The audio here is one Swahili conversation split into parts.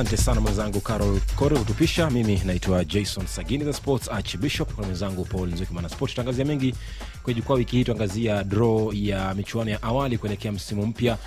Asante sana mwenzangu Carol Kore kutupisha. Mimi naitwa Jason Sagini the Sports Archbishop, na mwenzangu Paul nzukimana Sport. Tutaangazia mengi kwenye jukwaa wiki hii, tuangazia draw ya michuano ya awali kuelekea msimu mpya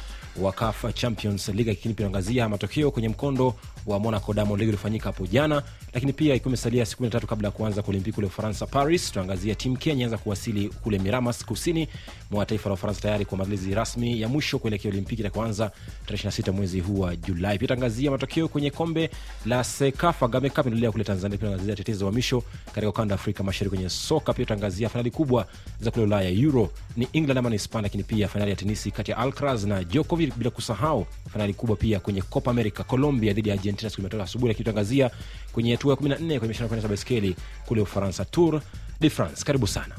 wa kafa Champions League, lakini pia tuangazia matokeo kwenye mkondo wa Monaco damon League ulifanyika hapo jana, lakini pia ikiwa imesalia siku 13 kabla ya kuanza kwa Olimpiki kule Ufaransa, Paris, tunaangazia timu Kenya anza kuwasili kule Miramas, kusini mwa taifa la Ufaransa, tayari kwa maandalizi rasmi ya mwisho kuelekea Olimpiki itakayoanza tarehe 26 mwezi huu wa Julai. Pia tangazia matokeo kwenye kombe la Sekafa Game Cup kule Tanzania. Pia tutaangazia tetezi wa misho katika ukanda Afrika Mashariki kwenye soka. Pia tangazia fainali kubwa za kule Ulaya, Euro ni England ama ni Hispania, lakini pia fainali ya tenisi kati ya alcras na Djokovic, bila kusahau fainali kubwa pia kwenye Copa America, Colombia dhidi ya Argentina siku Jumatatu asubuhi, lakini kwenye hatua ya 14 kwenye mashindano kwenda kuendesha baiskeli kule Ufaransa, Tour de France. Karibu sana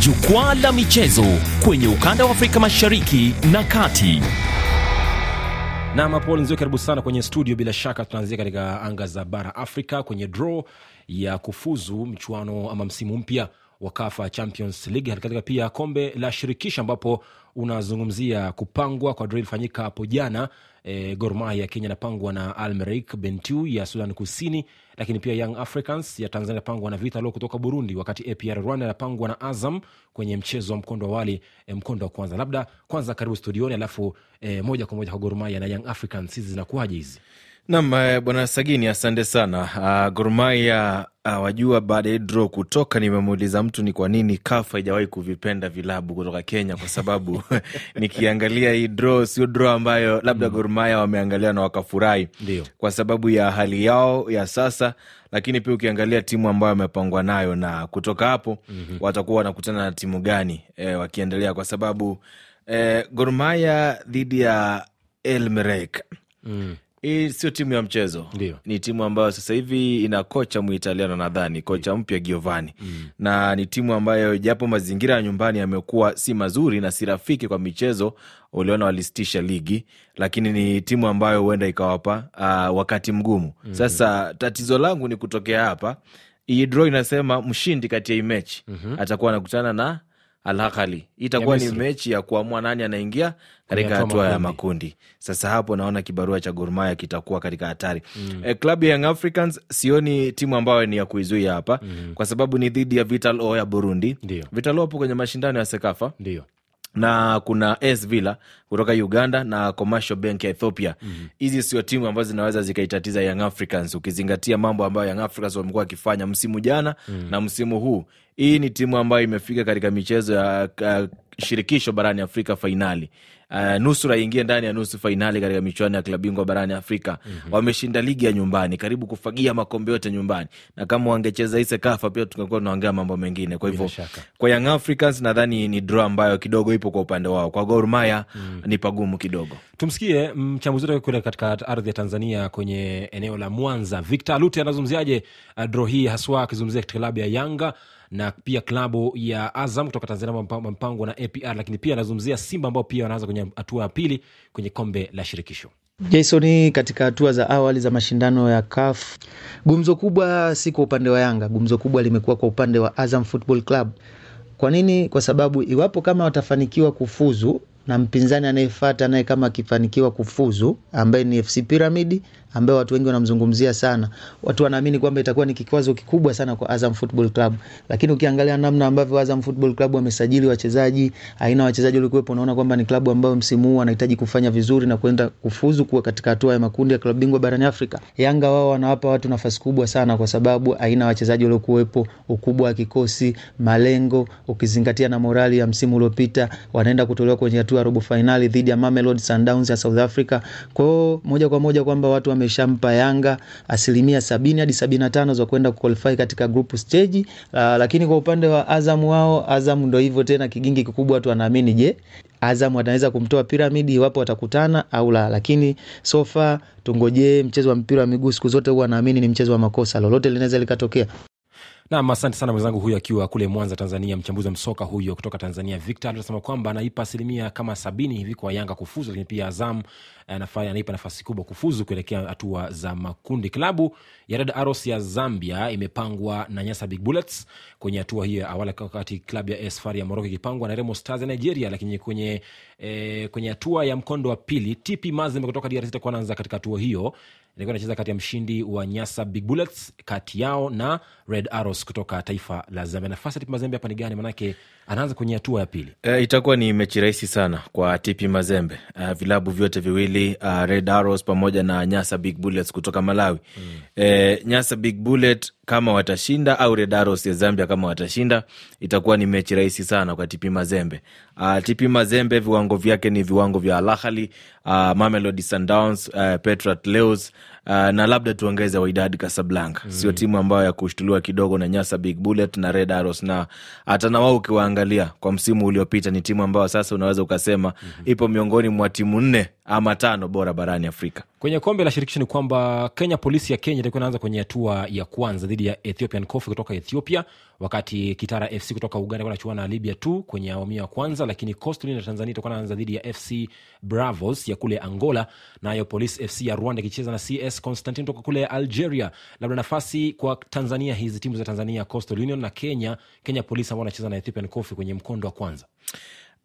jukwaa la michezo kwenye ukanda wa Afrika mashariki na kati. Nam Paul Nzio, karibu sana kwenye studio. Bila shaka tunaanzia katika anga za bara Afrika kwenye draw ya kufuzu mchuano ama msimu mpya wa CAF Champions League, halikadhalika pia kombe la shirikisho, ambapo unazungumzia kupangwa kwa draw ilifanyika hapo jana E, Gor ya Kenya inapangwa na almerik bentu ya Sudan Kusini, lakini pia Young Africans ya Tanzania inapangwa na Vital'O kutoka Burundi, wakati APR Rwanda inapangwa na Azam kwenye mchezo wa mkondo wa awali, e, mkondo wa kwanza. Labda kwanza karibu studioni, alafu e, moja kwa moja kwa Gor na Young Africans, hizi zinakuwaje hizi? Nam bwana Sagini, asante sana. Uh, Gor Ah, wajua baada ya draw kutoka, nimemuuliza mtu ni kwa nini kaf haijawahi kuvipenda vilabu kutoka Kenya, kwa sababu nikiangalia hii draw sio draw ambayo labda mm. Gor wameangalia na wakafurahi kwa sababu ya hali yao ya sasa, lakini pia ukiangalia timu ambayo amepangwa nayo na kutoka hapo mm-hmm. watakuwa wanakutana na timu gani e, wakiendelea kwa sababu e, Gor dhidi ya elmrek mm. Hii sio timu ya mchezo Ndiyo. Ni timu ambayo sasa hivi ina kocha Muitaliano nadhani, kocha mpya Giovani mm. na ni timu ambayo japo mazingira ya nyumbani yamekuwa si mazuri na si rafiki kwa michezo, uliona walisitisha ligi, lakini ni timu ambayo huenda ikawapa uh, wakati mgumu mm. Sasa tatizo langu ni kutokea hapa, hii draw inasema mshindi kati ya hii mechi mm -hmm. atakuwa anakutana na Al itakuwa ni mechi ya kuamua nani anaingia katika hatua ya makundi. Sasa hapo naona kibarua cha Gor Mahia kitakuwa katika hatari mm. E, eh, klabu ya Young Africans sioni timu ambayo ni ya kuizuia hapa mm. kwa sababu ni dhidi ya Vital O ya Burundi. Dio. Vital O hapo kwenye mashindano ya Sekafa. Ndio na kuna AS Villa kutoka Uganda na Commercial Bank ya Ethiopia. Mm-hmm. Hizi mm. -hmm. sio timu ambazo zinaweza zikaitatiza Young Africans, ukizingatia mambo ambayo Young Africans wamekuwa wakifanya msimu jana mm. -hmm. na msimu huu hii ni timu ambayo imefika katika michezo ya uh, shirikisho barani Afrika fainali uh, nusura ingie ndani ya nusu fainali katika michuano ya klabu bingwa barani Afrika. mm-hmm. Wameshinda ligi ya nyumbani, karibu kufagia makombe yote nyumbani, na kama wangecheza hise kafa pia tungekuwa tunaongea mambo mengine. Kwa hivyo kwa Young Africans nadhani ni draw ambayo kidogo ipo kwa upande wao, kwa Gor Mahia mm. ni pagumu kidogo. Tumsikie mchambuzi wetu kule katika ardhi ya Tanzania kwenye eneo la Mwanza, Victor Alute anazungumziaje uh, draw hii haswa akizungumzia klabu ya Yanga na pia klabu ya Azam kutoka Tanzania Mpango na APR, lakini pia anazungumzia Simba ambao pia wanaanza kwenye hatua ya pili kwenye kombe la shirikisho. Jason, katika hatua za awali za mashindano ya CAF, gumzo kubwa si kwa upande wa Yanga, gumzo kubwa limekuwa kwa upande wa Azam Football Club. Kwa nini? Kwa sababu iwapo kama watafanikiwa kufuzu na mpinzani anayefata naye kama akifanikiwa kufuzu ambaye ni FC Piramidi ambayo watu wengi wanamzungumzia sana. Watu wanaamini kwamba itakuwa ni kikwazo kikubwa sana kwa Azam Football Club, lakini ukiangalia namna ambavyo Azam Football Club wamesajili wachezaji, aina ya wachezaji walikuwepo, unaona kwamba ni klabu ambayo msimu huu wanahitaji kufanya vizuri na kwenda kufuzu kuwa katika hatua ya makundi ya klabu bingwa barani Afrika. Yanga wao wanawapa watu nafasi kubwa sana, kwa sababu aina ya wachezaji waliokuwepo, ukubwa wa kikosi, malengo, ukizingatia na morali ya msimu uliopita, wanaenda kutolewa kwenye hatua ya robo fainali dhidi ya Mamelodi Sundowns ya South Africa. Kwa hiyo moja kwa moja kwamba watu wame ameshampa Yanga asilimia sabini hadi sabini na tano za kwenda kuqualify katika group stage. Uh, lakini kwa upande wa Azam wao, Azam ndo hivyo tena, kigingi kikubwa watu wanaamini, je, Azam ataweza kumtoa Piramidi iwapo watakutana au la? Lakini sofa tungojee mchezo wa mpira wa miguu, siku zote huwa naamini ni mchezo wa makosa, lolote linaweza likatokea. Nam, asante sana mwenzangu huyo akiwa kule Mwanza, Tanzania, mchambuzi wa msoka huyo kutoka Tanzania, Victor anasema kwamba anaipa asilimia kama sabini hivi kwa Yanga kufuzu, lakini pia Azam eh, anaipa nafasi kubwa kufuzu kuelekea hatua za makundi. Klabu ya Red aros ya Zambia imepangwa na Nyasa Big Bullets kwenye hatua hiyo ya awali, wakati klabu ya AS ya Moroko ikipangwa na Remo Stars ya Nigeria. Lakini kwenye eh, kwenye hatua ya mkondo wa pili TP Mazembe kutoka DRC itakuwa naanza katika hatua hiyo ilikuwa inacheza kati ya mshindi wa Nyasa Big Bullets kati yao na Red Arrows kutoka taifa la Zambia. Nafasi ya Tipi Mazembe hapa ni gani? Manake anaanza kwenye hatua ya pili. E, itakuwa ni mechi rahisi sana kwa Tipi Mazembe. Uh, vilabu vyote viwili uh, Red Arrows pamoja na Nyasa Big Bullets kutoka Malawi. Mm. E, Nyasa Big Bullet kama watashinda au Redaros ya Zambia kama watashinda, itakuwa ni mechi rahisi sana kwa TP Mazembe. Uh, ah, TP Mazembe viwango vyake ni viwango vya Al Ahly, uh, ah, Mamelodi Sundowns, uh, ah, Petro Atleos, Uh, na labda tuongeze Wydad Casablanca mm. Sio timu ambayo ya kushtuliwa kidogo na Nyasa Big Bullet na Red Arrows, na hata na wao ukiwaangalia kwa msimu uliopita ni timu ambayo sasa unaweza ukasema mm-hmm. ipo miongoni mwa timu nne ama tano bora barani Afrika. Kwenye kombe la shirikisho ni kwamba Kenya, polisi ya Kenya itakuwa inaanza kwenye hatua ya kwanza dhidi ya Ethiopian Coffee kutoka Ethiopia, wakati Kitara FC kutoka Uganda wanachuana na Libya tu kwenye awamu ya kwanza, lakini Coastal na Tanzania itakuwa inaanza dhidi ya FC Bravos ya kule Angola, nayo polisi FC ya Rwanda ikicheza na CS RS Constantine toka kule Algeria. Labda nafasi kwa Tanzania, hizi timu za Tanzania Coastal Union na Kenya, Kenya Police ambao wanacheza na Ethiopian Coffee kwenye mkondo wa kwanza.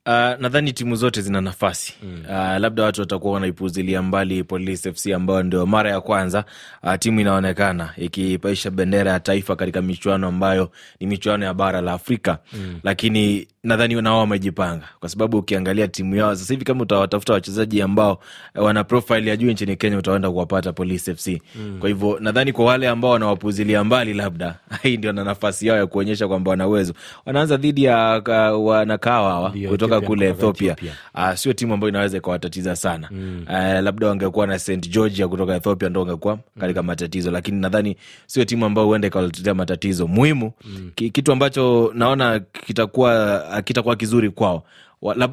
Uh, nadhani timu zote zina nafasi mm. Uh, labda watu watakuwa wanaipuzilia mbali Police FC ambayo ndio mara ya kwanza uh, timu inaonekana ikipaisha bendera ya taifa katika michuano ambayo ni michuano ya bara la Afrika mm. Lakini nadhani nao wamejipanga kwa sababu ukiangalia timu yao sasa hivi, kama utawatafuta wachezaji ambao eh, wana profile ya juu nchini Kenya, utaenda kuwapata Police FC mm. Kwa hivyo nadhani kwa wale ambao wanawapuzilia mbali, labda hii ndio na nafasi yao ya kuonyesha kwamba wana uwezo. Wanaanza dhidi ya uh, wanakawawa kutoka Ethiopia, kule Ethiopia, Ethiopia. Uh, sio timu ambayo inaweza ikawatatiza sana mm. Uh, labda wangekuwa na St Georgia kutoka Ethiopia ndo wangekuwa mm. katika matatizo, lakini nadhani sio timu ambayo huenda ikawatatia matatizo muhimu mm. Kitu ambacho naona kitakuwa kitakuwa kizuri kwao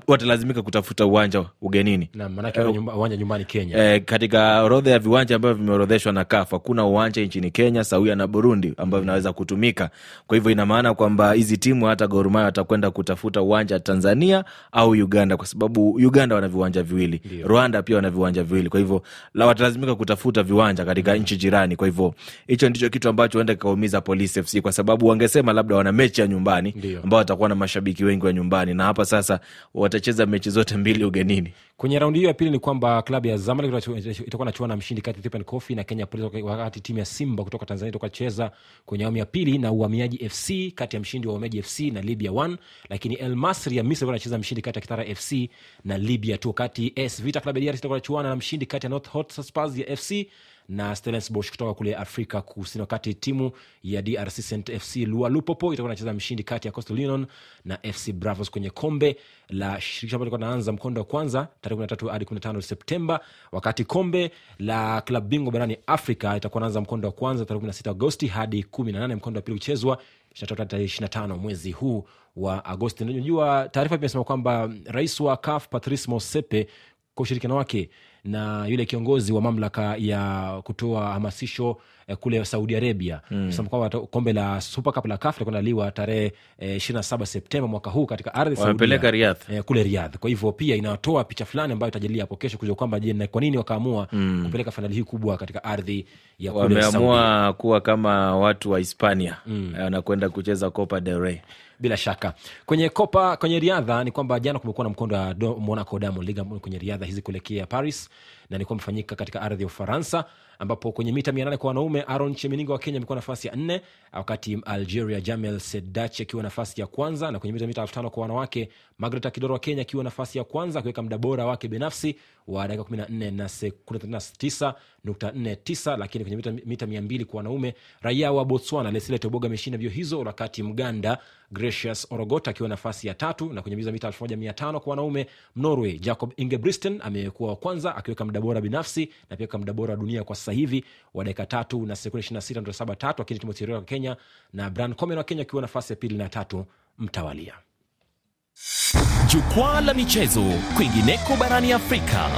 watalazimika kutafuta uwanja ugenini na, eh, uwanja nyumbani Kenya. Eh, katika orodha ya viwanja ambavyo vimeorodheshwa na kaf hakuna uwanja nchini Kenya sawia na Burundi ambayo vinaweza mm. kutumika. Kwa hivyo ina maana kwamba hizi timu hata gorumaya watakwenda kutafuta uwanja Tanzania au Uganda, kwa sababu Uganda wana viwanja viwili Dio. Rwanda pia wana viwanja viwili, kwa hivyo la watalazimika kutafuta viwanja katika mm. nchi jirani. Kwa hivyo hicho ndicho kitu ambacho enda kikaumiza Police FC, kwa sababu wangesema labda wana mechi ya nyumbani ambao watakuwa na mashabiki wengi wa nyumbani, na hapa sasa watacheza mechi zote mbili ugenini. Kwenye raundi hiyo ya pili ni kwamba klabu ya Zamalek itakuwa nachuana na mshindi kati ya Thipen na Kenya Police, wakati timu ya Simba kutoka Tanzania itakuwa cheza kwenye awamu ya pili na Uhamiaji FC kati ya mshindi wa Uhamiaji FC na Libya One, lakini El Masri ya Misri anacheza mshindi kati ya Kitara FC na Libya tu, kati s Vita klabu ya DRC itakuwa nachuana na mshindi kati ya North Hot Spurs ya FC na Stellenbosch kutoka kule Afrika Kusini, wakati timu ya DRC Saint FC Lualupopo itakuwa inacheza mshindi kati ya Coastal Union na FC Bravos kwenye kombe la shirikisho ambalo naanza mkondo wa kwanza tarehe 13 hadi 15 Septemba, wakati kombe la klabu bingwa barani Afrika itakuwa naanza mkondo wa kwanza tarehe 16 Agosti hadi 18, mkondo wa pili kuchezwa tarehe 25 mwezi huu wa Agosti. Najua taarifa imesema kwamba rais wa CAF Patrice mosepe kwa ushirikiano wake na yule kiongozi wa mamlaka ya kutoa hamasisho Eh, kule Saudi Arabia mm. kwamba kombe la Super Cup la CAF likuandaliwa tarehe eh, ishirini na saba Septemba mwaka huu katika ardhi wamepeleka Riyadh eh, kule Riyadh. Kwa hivyo pia inatoa picha fulani ambayo itajalia hapo kesho kujua kwamba je, kwa nini wakaamua mm. kupeleka fainali hii kubwa katika ardhi ya kule Saudi. Wameamua kuwa kama watu wa Hispania wanakwenda hmm. eh, mm. kucheza Copa del Rey bila shaka kwenye kopa kwenye riadha ni kwamba jana kumekuwa na mkondo wa Monaco Diamond League kwenye riadha hizi kuelekea Paris na ilikuwa imefanyika katika ardhi ya Ufaransa, ambapo kwenye mita mia nane kwa wanaume aron Cheminingo wa Kenya amekuwa nafasi ya nne, wakati Algeria Jamel sedach akiwa nafasi ya kwanza, na kwenye mita mita elfu kwa wanawake magret Akidoro wa Kenya akiwa nafasi ya kwanza akiweka mda bora wake binafsi wa dakika 14 na sekunde 39.49, lakini kwenye mita mia mbili kwa wanaume raia wa Botswana Lesile Toboga ameshinda mbio hizo, wakati Mganda gracius Orogota akiwa nafasi ya tatu, na kwenye mbio mita 15 kwa wanaume norway Jacob briston amekuwa wa kwanza akiweka mda bora binafsi na pia mda bora wa dunia kwa sasa hivi wa dakika tatu na sekunde 26.73, lakini Timothy wa Kenya na Bran comen wa Kenya akiwa nafasi ya pili na tatu mtawalia. Jukwaa la michezo kwingineko barani Afrika.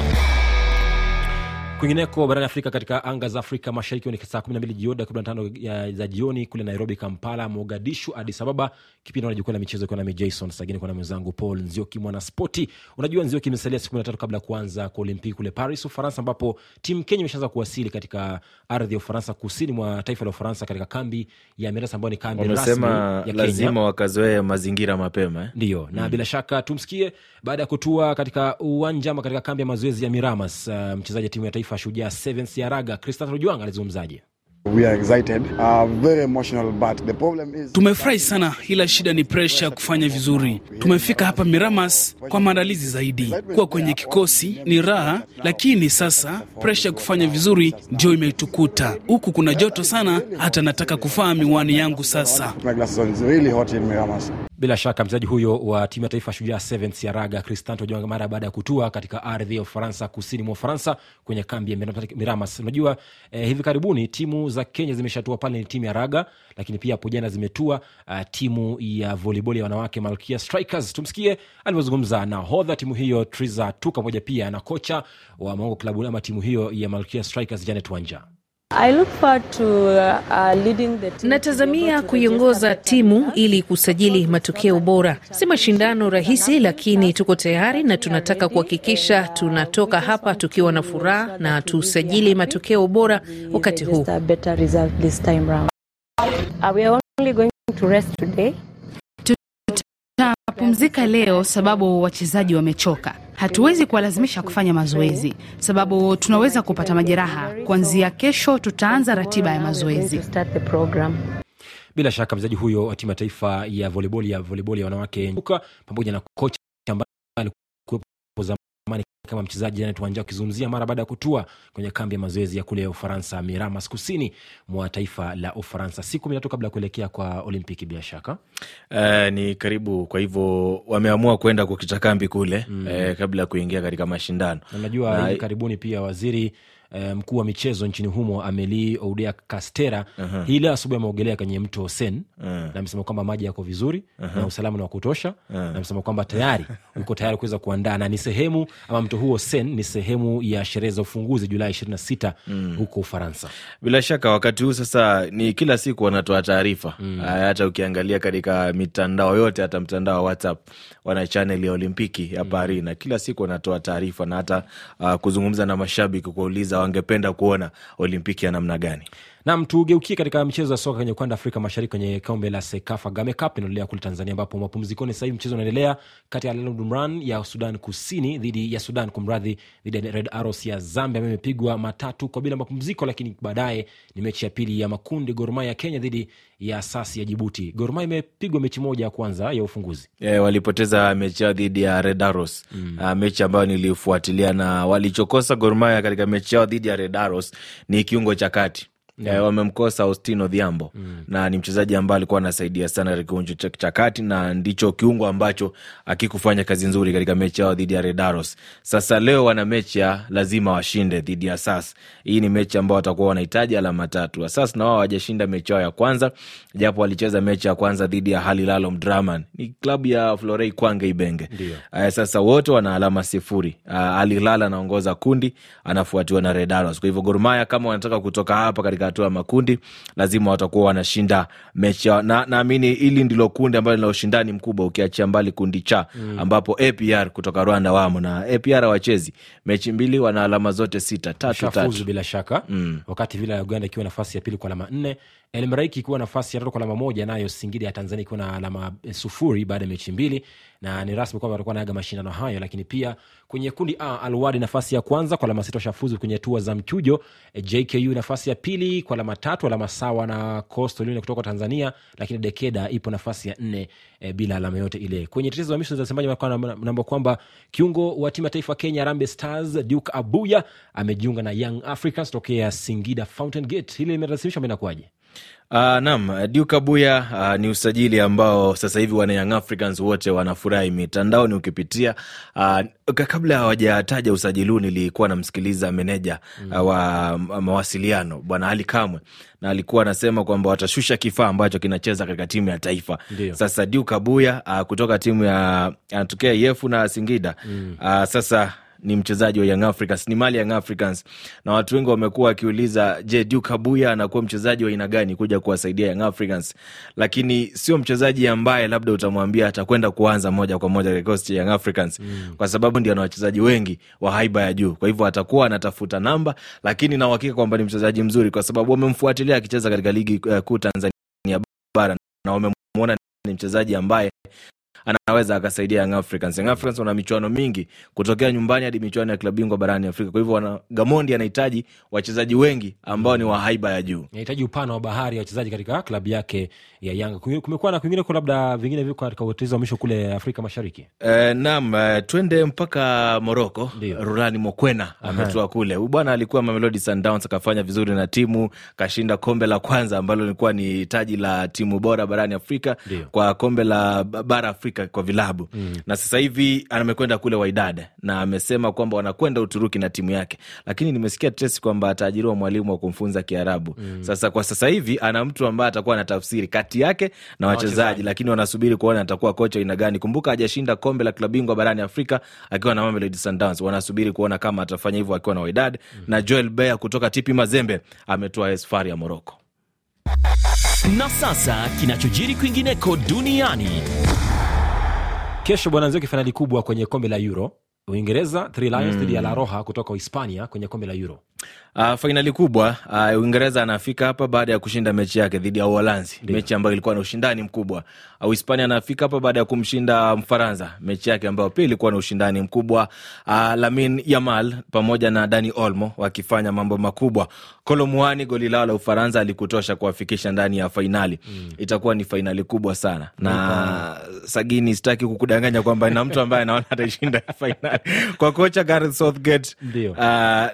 Kwingineko barani Afrika, katika anga za Afrika Mashariki ni saa 12 jioni dakika 15 za jioni kule Nairobi, Kampala, Mogadishu, Adis Ababa. Kipindi naona jukwaa la michezo kwa nami Jason Sagini, kwa na mwenzangu Paul Nzioki, mwana spoti. Unajua Nzioki, imesalia siku 13 kabla ya kuanza kwa Olimpiki kule Paris, Ufaransa, ambapo timu Kenya imeshaanza kuwasili katika ardhi ya Ufaransa, kusini mwa taifa la Ufaransa, katika kambi ya mirasa ambayo ni kambi rasmi ya Kenya. Lazima wakazoee mazingira mapema eh? Ndiyo, na mm. bila shaka tumsikie baada ya kutua katika uwanja ama katika kambi ya mazoezi ya Miramas, uh, mchezaji timu ya taifa taifa Shujaa Sevens ya raga. cristan Juanga alizungumzaje? Uh, tumefurahi sana ila shida ni presha ya kufanya vizuri. Tumefika hapa Miramas kwa maandalizi zaidi. Kuwa kwenye kikosi ni raha, lakini sasa presha ya kufanya vizuri ndio imetukuta. Huku kuna joto sana, hata nataka kuvaa miwani yangu sasa. Bila shaka mchezaji huyo wa timu ya taifa Shujaa Sevens ya raga Cristanto jua mara baada ya kutua katika ardhi ya Ufaransa, kusini mwa Ufaransa, kwenye kambi ya Miramas. Unajua eh, hivi karibuni timu za Kenya zimeshatua pale, ni timu ya raga, lakini pia hapo jana zimetua uh, timu ya voliboli ya wanawake Malkia Strikers. Tumsikie alivyozungumza na hodha timu hiyo Triza Tuka, pamoja pia na kocha wa Maungo klabu ama timu hiyo ya Malkia Strikers Janet Wanja. Uh, uh, Natazamia kuiongoza timu ili kusajili matokeo bora. Si mashindano rahisi, lakini tuko tayari na tunataka kuhakikisha tunatoka hapa tukiwa na furaha na tusajili matokeo bora wakati huu. Uh, Tutapumzika leo sababu wachezaji wamechoka. Hatuwezi kuwalazimisha kufanya mazoezi, sababu tunaweza kupata majeraha. Kuanzia kesho, tutaanza ratiba ya mazoezi. Bila shaka mchezaji huyo wa timu ya taifa ya voleboli ya voleboli ya wanawake pamoja na kocha kama mchezaji Janet Wanja akizungumzia mara baada ya kutua kwenye kambi ya mazoezi ya kule ya Ufaransa, Miramas, kusini mwa taifa la Ufaransa, siku kumi kabla ya kuelekea kwa Olimpiki. Bila shaka uh, ni karibu, kwa hivyo wameamua kwenda kukita kambi kule mm. eh, kabla ya kuingia katika mashindano. Najua hivi karibuni pia waziri Eh, mkuu wa michezo nchini humo ameli Oudea kastera uh-huh. hii leo asubuhi ameogelea kwenye mto Sen uh-huh. na amesema kwamba maji yako vizuri uh-huh. na usalama ni wa kutosha uh-huh. na amesema kwamba tayari uko tayari kuweza kuandaa na ni sehemu ama mto huo Sen ni sehemu ya sherehe za ufunguzi Julai na sita mm. huko Ufaransa. Bila shaka wakati huu sasa ni kila siku wanatoa taarifa mm. hata ukiangalia katika mitandao yote, hata mtandao wa WhatsApp wana chanel ya Olimpiki ya mm. Paris na kila siku wanatoa taarifa na hata uh, kuzungumza na mashabiki kuwauliza wangependa kuona Olimpiki ya namna gani? Nam, tugeukie katika mchezo wa soka kwenye ukanda Afrika Mashariki kwenye kombe la Sekafa Game Cup inaendelea kule Tanzania, ambapo mapumzikoni sasahivi mchezo unaendelea kati ya lmran ya Sudan Kusini dhidi ya Sudan, kwa mradhi dhidi ya Red aros ya Zambia ambayo imepigwa matatu kwa bila mapumziko, lakini baadaye ni mechi ya pili ya makundi Gorma ya Kenya dhidi ya Sasi ya Jibuti. Gorma imepigwa mechi moja ya kwanza ya ufunguzi e, walipoteza mechi yao dhidi ya Red aros mm. Uh, mechi ambayo nilifuatilia na walichokosa Gormaya katika mechi yao dhidi ya Red aros ni kiungo cha kati yeah. Mm. wamemkosa Austino Dhiambo mm. na ni mchezaji ambaye alikuwa anasaidia sana katika kiunjo cha kati na ndicho kiungo ambacho akikufanya kazi nzuri katika mechi yao dhidi ya Redaros. Sasa leo wana mechi ya lazima washinde dhidi ya SAS. Hii ni mechi ambayo watakuwa wanahitaji alama tatu. SAS na wao hawajashinda mechi yao ya kwanza, japo walicheza mechi ya kwanza dhidi ya Halil Omdurman, ni klabu ya Florei Kwange Ibenge. Uh, sasa wote wana alama sifuri. Uh, eh, Al Hilal anaongoza kundi, anafuatiwa na Redaros. Kwa hivyo Gor Mahia kama wanataka kutoka hapa katika hatua ya makundi, lazima watakuwa wanashinda mechi. Na naamini hili ndilo kundi ambalo lina ushindani mkubwa, ukiachia mbali kundi cha mm. ambapo APR kutoka Rwanda wamo na APR hawachezi mechi mbili, wana alama zote sita tatu tatu bila shaka mm. wakati vile ya Uganda ikiwa nafasi ya pili kwa alama nne Elmraiki ikiwa nafasi ya tatu kwa alama moja, nayo Singida ya Tanzania ikiwa na alama sufuri baada ya mechi mbili na ni rasmi kwamba watakuwa naaga mashindano hayo. Lakini pia kwenye kundi A, Alwadi nafasi ya kwanza kwa alama sita shafuzu kwenye hatua za mchujo. E, JKU nafasi ya pili kwa alama tatu, alama sawa na Coastal Union kutoka Tanzania, lakini Dekeda ipo nafasi ya nne e, bila alama yote ile. Kwenye tetezi wa misho za Semaji namba kwamba kiungo wa timu ya taifa Kenya rambe Stars Duke Abuya amejiunga na Young Africans tokea Singida Fountain Gate. Hili limerasimishwa, inakuwaje? Uh, ah, nam Duka Buya uh, ah, ni usajili ambao sasa hivi wana Young Africans wote wanafurahi mitandaoni ukipitia. Uh, kabla hawajataja usajili huu nilikuwa namsikiliza meneja uh, wa mm, mawasiliano Bwana Ali Kamwe na alikuwa anasema kwamba watashusha kifaa ambacho kinacheza katika timu ya taifa. Ndiyo. Sasa Duka Buya uh, kutoka timu ya anatokea Yefu na Singida mm. uh, sasa ni mchezaji wa Young Africans, ni mali Young Africans, na watu wengi wamekuwa wakiuliza, je, Duke Abuya anakuwa mchezaji wa aina gani kuja kuwasaidia Young Africans? Lakini sio mchezaji ambaye labda utamwambia atakwenda kuanza moja kwa moja kikosi cha Young Africans mm. kwa sababu ndio ana wachezaji wengi wa haiba ya juu, kwa hivyo atakuwa anatafuta namba, lakini na uhakika kwamba ni mchezaji mzuri, kwa sababu wamemfuatilia akicheza katika ligi uh, kuu Tanzania bara na wamemwona ni mchezaji ambaye anaweza akasaidia Young Africans. Young Africans wana michuano mingi kutokea nyumbani hadi michuano ya klabu bingwa barani Afrika. Kwa hivyo wana Gamondi anahitaji wachezaji wengi ambao ni wa haiba ya juu, anahitaji upana wa bahari ya wachezaji katika klabu yake ya Yanga. Kumekuwa na kwingine, labda vingine viko katika utetezi wa mwisho kule Afrika Mashariki. E, naam, eh, twende mpaka Moroko. Rurani Mokwena ametua kule, huyu bwana alikuwa Mamelodi Sundowns, akafanya vizuri na timu, kashinda kombe la kwanza ambalo lilikuwa ni taji la timu bora barani Afrika Dio. kwa kombe la bara Afrika Afrika kwa vilabu mm. na sasa hivi amekwenda kule Wydad na amesema kwamba wanakwenda Uturuki na timu yake, lakini nimesikia tetesi kwamba ataajiriwa mwalimu wa kumfunza Kiarabu mm. Sasa kwa sasa hivi ana mtu ambaye atakuwa na tafsiri kati yake na wachezaji, lakini wanasubiri kuona atakuwa kocha aina gani. Kumbuka hajashinda kombe la klabu bingwa barani Afrika akiwa na Mamelodi Sundowns. Wanasubiri kuona kama atafanya hivyo akiwa na Wydad mm. na Joel Bea kutoka TP Mazembe ametoa esfari ya Moroko na sasa kinachojiri kwingineko duniani. Kesho bwana, nzio kifainali kubwa kwenye kombe la Euro, Uingereza Three Lions hmm. dhidi ya La roha kutoka Hispania kwenye kombe la Euro. Uh, ah, fainali kubwa uh, Uingereza anafika hapa baada ya kushinda mechi yake dhidi ya Uholanzi, mechi ambayo ilikuwa na ushindani mkubwa. Uh, Uhispania anafika hapa baada ya kumshinda Mfaransa, mechi yake ambayo pia ilikuwa na ushindani mkubwa. Uh, Lamin Yamal pamoja na Dani Olmo wakifanya mambo makubwa. Kolomuani, goli lao la Ufaransa alikutosha kuwafikisha ndani ya fainali mm. Itakuwa ni fainali kubwa sana na mm. Sagini, sitaki kukudanganya kwamba na mtu ambaye anaona atashinda fainali kwa kocha Gareth Southgate. Uh,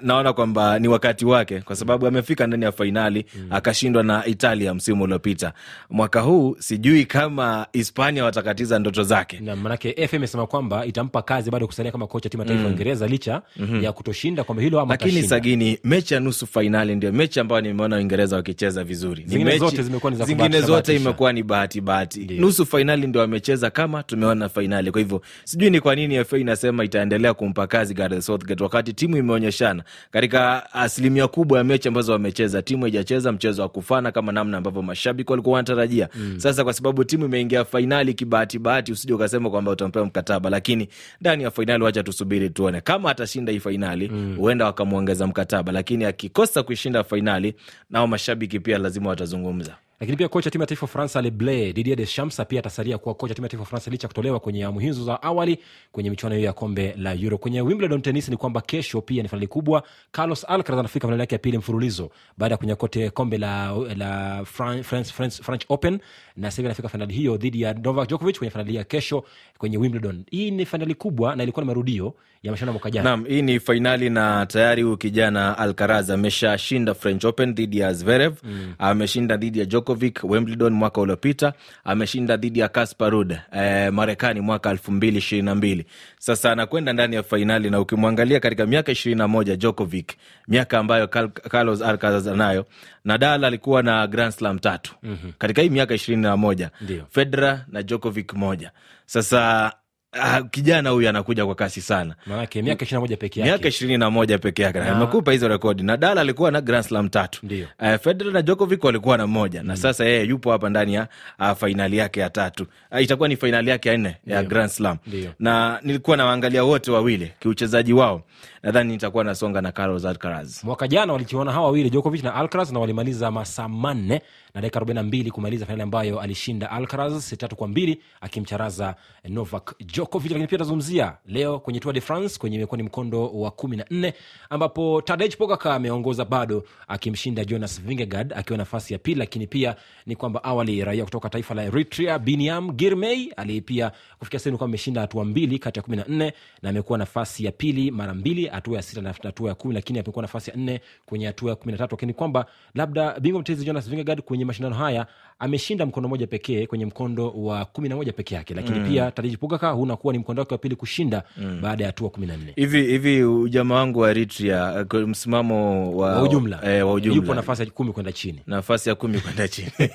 naona kwamba ni wakati wake kwa sababu amefika ndani ya fainali mm. akashindwa na Italia msimu uliopita. Mwaka huu sijui kama Hispania watakatiza ndoto zake, na manake FA imesema kwamba itampa kazi bado kusalia kama kocha timu ya taifa ya mm. Uingereza mm. licha mm-hmm. ya kutoshinda kwamba hilo ama lakini tashinda. Sagini, mechi ya nusu fainali ndio mechi ambayo nimeona Uingereza wakicheza vizuri, zingine mechi, zote zimekuwa ni za zingine zote imekuwa ni bahati bahati. Nusu fainali ndio wamecheza kama tumeona fainali, kwa hivyo sijui ni kwa nini FA inasema itaendelea kumpa kazi Gareth Southgate wakati timu imeonyeshana katika asilimia kubwa ya mechi ambazo wamecheza timu haijacheza mchezo wa kufana kama namna ambavyo mashabiki walikuwa wanatarajia mm. Sasa kwa sababu timu imeingia fainali kibahati bahati, usije ukasema kwamba utampewa mkataba, lakini ndani ya fainali, wacha tusubiri tuone kama atashinda hii fainali, mm. huenda mm. wakamwongeza mkataba, lakini akikosa kuishinda fainali, nao mashabiki pia lazima watazungumza. Lakini pia kocha timu ya taifa Ufaransa Leble de shamsa pia atasalia kuwa kocha timu ya taifa fransa licha kutolewa kwenye amu hizo za awali kwenye michuano hiyo ya kombe la Euro. Kwenye Wimbledon tenis ni kwamba kesho pia ni fainali kubwa. Carlos Alcaraz anafika fainali yake ya pili mfululizo baada ya kunyakote kombe la, la France, France, France, French Open na sasa hivi anafika fainali hiyo dhidi ya Novak Djokovic kwenye fainali ya kesho kwenye Wimbledon. Hii ni fainali kubwa na ilikuwa ni marudio ya mashindano mwaka jana. Naam, hii ni fainali na tayari huyu kijana Alcaraz ameshashinda French Open dhidi ya Zverev mm. ameshinda dhidi ya Djokovic Wimbledon mwaka uliopita, ameshinda dhidi ya Casper Ruud eh, Marekani mwaka 2022. Sasa anakwenda ndani ya fainali na ukimwangalia katika miaka 21 Djokovic, miaka ambayo Carlos Alcaraz anayo, Nadal alikuwa na Grand Slam tatu mm -hmm. katika hii miaka ishirini na moja Federer na Djokovic moja. Sasa Uh, kijana huyu anakuja kwa kasi sana, maanake miaka ishirini na moja peke yake, miaka ishirini na moja peke yake ah. amekupa hizo rekodi. Nadal alikuwa na Grand Slam tatu, uh, ah, Federer na Djokovic walikuwa na moja mm. sasa yeye yupo hapa ndani ya uh, fainali yake ya tatu, uh, itakuwa ni fainali yake ya nne ya Grand Slam, na nilikuwa nawaangalia wote wawili kiuchezaji wao nadhani nitakuwa nasonga na Carlos Alcaraz. Mwaka jana walichuana hawa wawili Djokovic na Alcaraz na walimaliza masaa manne na dakika mbili kumaliza fainali ambayo alishinda Alcaraz seti tatu kwa mbili akimcharaza Novak Djokovic. Lakini pia tazungumzia leo kwenye Tour de France kwenye imekuwa ni mkondo wa kumi na nne ambapo Tadej Pogacar ameongoza bado akimshinda Jonas Vingegaard akiwa nafasi ya pili, lakini pia ni kwamba awali raia kutoka taifa la Eritrea Biniam Girmay aliyepia kufikia sehemu kwamba ameshinda hatua mbili kati ya kumi na nne na amekuwa nafasi ya pili mara mbili hatua ya sita na hatua ya kumi lakini amekuwa nafasi ya nne kwenye hatua ya kumi na tatu lakini kwamba labda bingwa mtetezi jonas vingegaard kwenye mashindano haya ameshinda mkondo moja pekee kwenye mkondo wa kumi na moja peke yake lakini mm. pia tadej pogacar hunakuwa ni mkondo wake wa pili kushinda mm. baada ya hatua kumi na nne hivi hivi ujamaa wangu wa ritria msimamo wa, ujumla, e, wa ujumla. yupo nafasi ya kumi kwenda chini nafasi ya kumi kwenda chini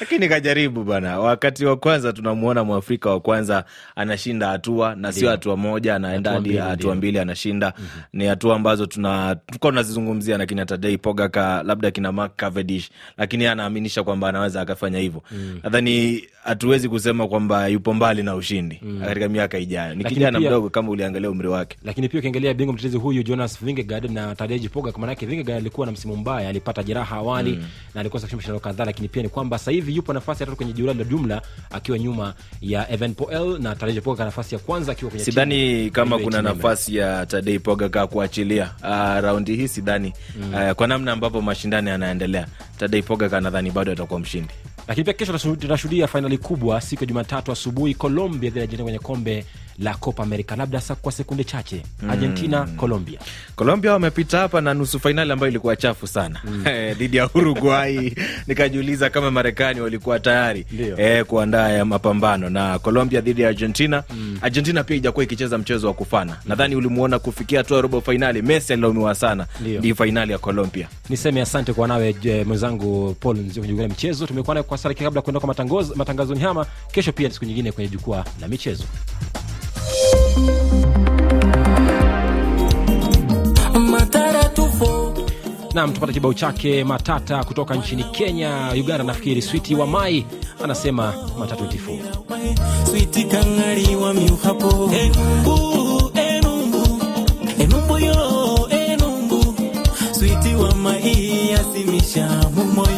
lakini kajaribu bana wakati wa kwanza tunamwona mwafrika wa kwanza anashinda hatua na sio hatua moja anaenda hadi hatua mbili mbili anashinda mm -hmm. ni hatua ambazo tuna tuko tunazizungumzia na kina Tadei Pogacar, labda kina Mark Cavendish, lakini anaaminisha kwamba anaweza akafanya hivyo mm. -hmm. nadhani hatuwezi kusema kwamba yupo mbali na ushindi mm. katika miaka ijayo. Ni kijana mdogo kama uliangalia umri wake, lakini pia ukiangalia bingwa mtetezi huyu Jonas Vingegaard na Tadej Pogacar, maanake Vingegaard alikuwa na msimu mbaya, alipata jeraha awali mm. na alikosa kushinda mashindano kadhaa, lakini pia ni kwamba sasa hivi yupo nafasi ya tatu kwenye jumla la jumla akiwa nyuma ya Evenepoel na Tadej Pogacar nafasi ya kwanza akiwa kwenye sidhani kama kuna nafasi nafasi ya Tadei Pogacar kuachilia uh, ah, raundi hii sidhani mm. uh, kwa namna ambavyo mashindano yanaendelea Tadei Pogacar nadhani bado atakuwa mshindi lakini pia kesho tunashuhudia fainali kubwa siku ya Jumatatu asubuhi Colombia dhidi ya Argentina kwenye kombe la Copa America, labda sa kwa sekunde chache mm. argentina mm. Colombia. Colombia wamepita hapa na nusu fainali ambayo ilikuwa chafu sana mm. Eh, dhidi mm. ya uruguai nikajiuliza kama Marekani walikuwa tayari e, kuandaa mapambano na Colombia dhidi ya Argentina mm. Argentina pia ijakuwa ikicheza mchezo wa kufana mm. Nadhani ulimuona kufikia hatua robo fainali, Messi alilaumiwa sana ndi fainali ya Colombia. Niseme asante kwa nawe mwenzangu Paul Nziokujugulia mchezo Tumekuwa naye kwa sarakia kabla kuenda kwa matangazoni hama kesho, pia siku nyingine kwenye jukwaa la michezo. Nam, tupata kibao chake matata kutoka nchini Kenya, Uganda nafikiri. Switi wa Mai anasema matatu tifu switi kangari wa miuhapo enumbu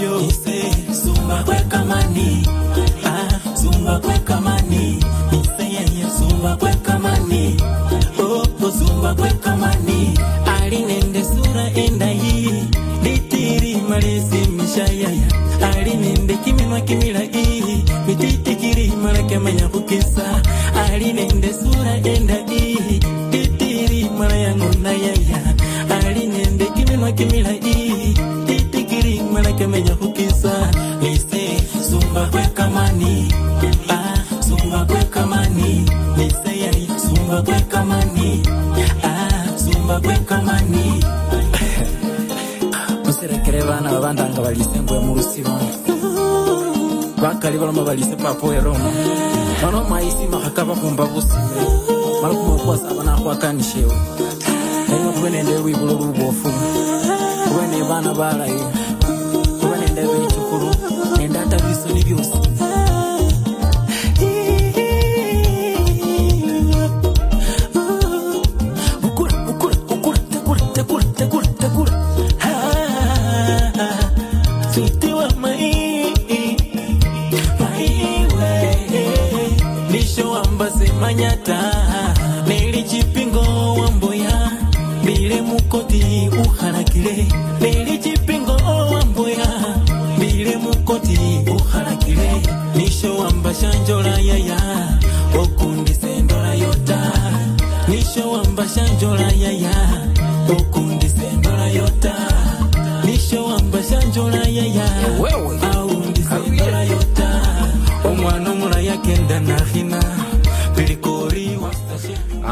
enumbu zumba kwe kamani ah, zumba kwe kamani mbagwe kamani alinende sura endayi litiri malesi mishayaya alinende kiminwa kimilagi mititikiri malakemanya kukisa alinende sura endayi litiri malayango nayaya alinende kiminwa kimilagi titikiri malakemanya kukisa lise sumba kwe kamani ah, sumba kwe kamani lise Zimbabwe kama ni ah, Zimbabwe kama muserekere bana bandanga balisembwe mu rusibo bakali baloma balise papo eroma bano maisi mahakaba kumba busime malukuma kwasa bana kwakanishewe Eno kube nende wibulo lubofu kube ne bana balayi kube nende bichukuru nende ata bisoni byosi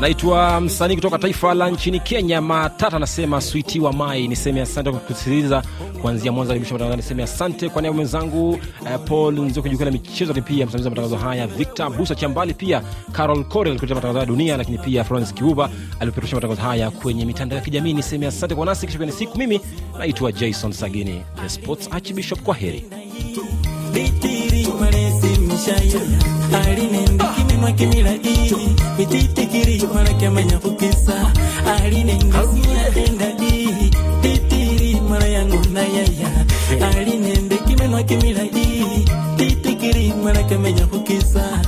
anaitwa msanii kutoka taifa la nchini Kenya, Matata anasema switi wa mai. Niseme asante kwa kusikiliza kuanzia mwanzo karibisha matangazo. Niseme asante kwa niaba mwenzangu uh, Paul Nzioki, jukwaa la michezo, lakini pia msimamizi wa matangazo haya Victor Busa Chambali, pia Carol Corel kuleta matangazo haya dunia, lakini pia Florence Kiuba alipeperusha matangazo haya kwenye mitandao ya kijamii. Niseme asante kwa nasi kisha siku. Mimi naitwa Jason Sagini, the sports archbishop. Kwa heri mwa kimila ii mititikiri malake manya kukisa alinengasinatenda ii titiri mala yangu na yaya alinende kimemwa kimila ii titikiri malake manya kukisa